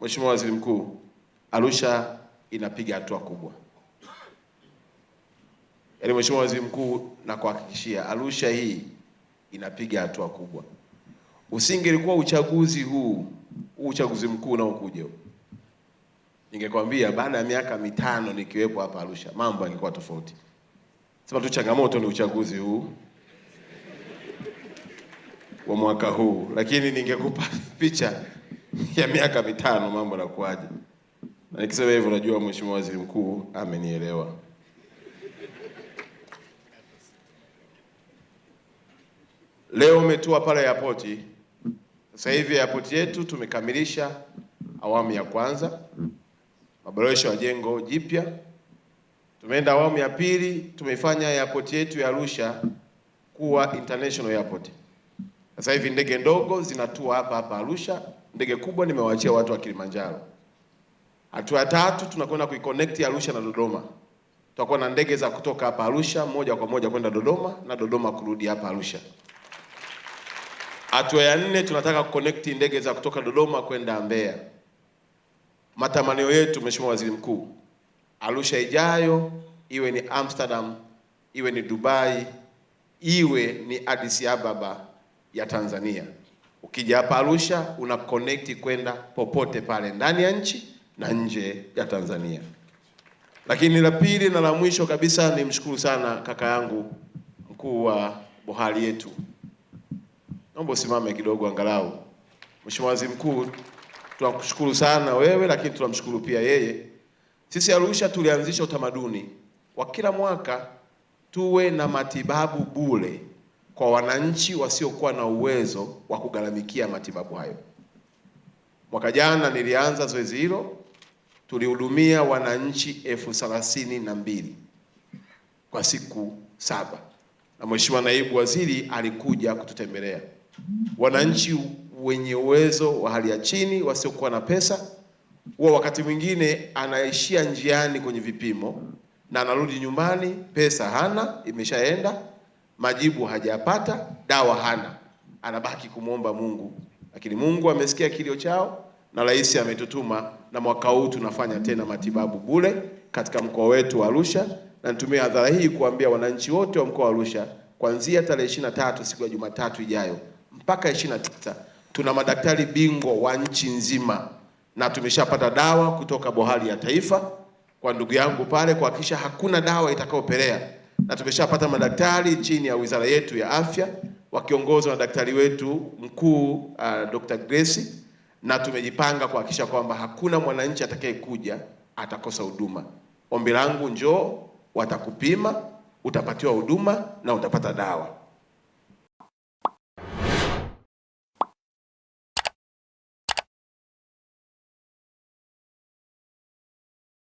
Mheshimiwa Waziri Mkuu, Arusha inapiga hatua kubwa. Yaani Mheshimiwa Waziri Mkuu, nakuhakikishia Arusha hii inapiga hatua kubwa. Usingelikuwa uchaguzi huu, huu uchaguzi mkuu unaokuja ningekwambia baada ya miaka mitano nikiwepo hapa Arusha mambo yangekuwa tofauti. Sema tu changamoto ni uchaguzi huu wa mwaka huu, lakini ningekupa picha ya miaka mitano, mambo nakuaje? Na nikisema hivyo najua Mheshimiwa Waziri Mkuu amenielewa. Leo umetua pale airport. Sasa hivi airport yetu tumekamilisha awamu ya kwanza, maboresho ya jengo jipya. Tumeenda awamu ya pili, tumeifanya airport yetu ya Arusha kuwa international airport. Sasa hivi ndege ndogo zinatua hapa hapa Arusha Ndege kubwa nimewaachia watu wa Kilimanjaro. Hatua ya tatu tunakwenda kuiconnect Arusha na Dodoma. Tutakuwa na ndege za kutoka hapa Arusha moja kwa moja kwenda Dodoma na Dodoma kurudi hapa Arusha. Hatua ya nne tunataka kuconnect ndege za kutoka Dodoma kwenda Mbeya. Matamanio yetu Mheshimiwa Waziri Mkuu, Arusha ijayo iwe ni Amsterdam, iwe ni Dubai, iwe ni Addis Ababa ya Tanzania. Ukija hapa Arusha una connect kwenda popote pale ndani ya nchi na nje ya Tanzania. Lakini la pili na la mwisho kabisa ni mshukuru sana kaka yangu mkuu wa bohari yetu, naomba usimame kidogo angalau. Mheshimiwa Waziri Mkuu, tunakushukuru sana wewe, lakini tunamshukuru pia yeye. Sisi Arusha tulianzisha utamaduni wa kila mwaka tuwe na matibabu bure kwa wananchi wasiokuwa na uwezo wa kugharamikia matibabu hayo. Mwaka jana nilianza zoezi hilo, tulihudumia wananchi elfu thelathini na mbili kwa siku saba, na Mheshimiwa Naibu Waziri alikuja kututembelea. Wananchi wenye uwezo wa hali ya chini wasiokuwa na pesa huwa wakati mwingine anaishia njiani kwenye vipimo na anarudi nyumbani, pesa hana, imeshaenda majibu hajapata, dawa hana, anabaki kumwomba Mungu. Lakini Mungu amesikia kilio chao na rais ametutuma, na mwaka huu tunafanya tena matibabu bure katika mkoa wetu wa Arusha, na nitumie hadhara hii kuambia wananchi wote wa mkoa wa Arusha kuanzia tarehe ishirini na tatu siku ya Jumatatu ijayo mpaka ishirini na tisa tuna madaktari bingwa wa nchi nzima, na tumeshapata dawa kutoka bohari ya taifa kwa ndugu yangu pale kuhakikisha hakuna dawa itakayopelea na tumeshapata madaktari chini ya wizara yetu ya afya wakiongozwa na daktari wetu mkuu uh, Dr. Grace na tumejipanga kuhakikisha kwamba hakuna mwananchi atakayekuja atakosa huduma. Ombi langu njoo, watakupima, utapatiwa huduma na utapata dawa.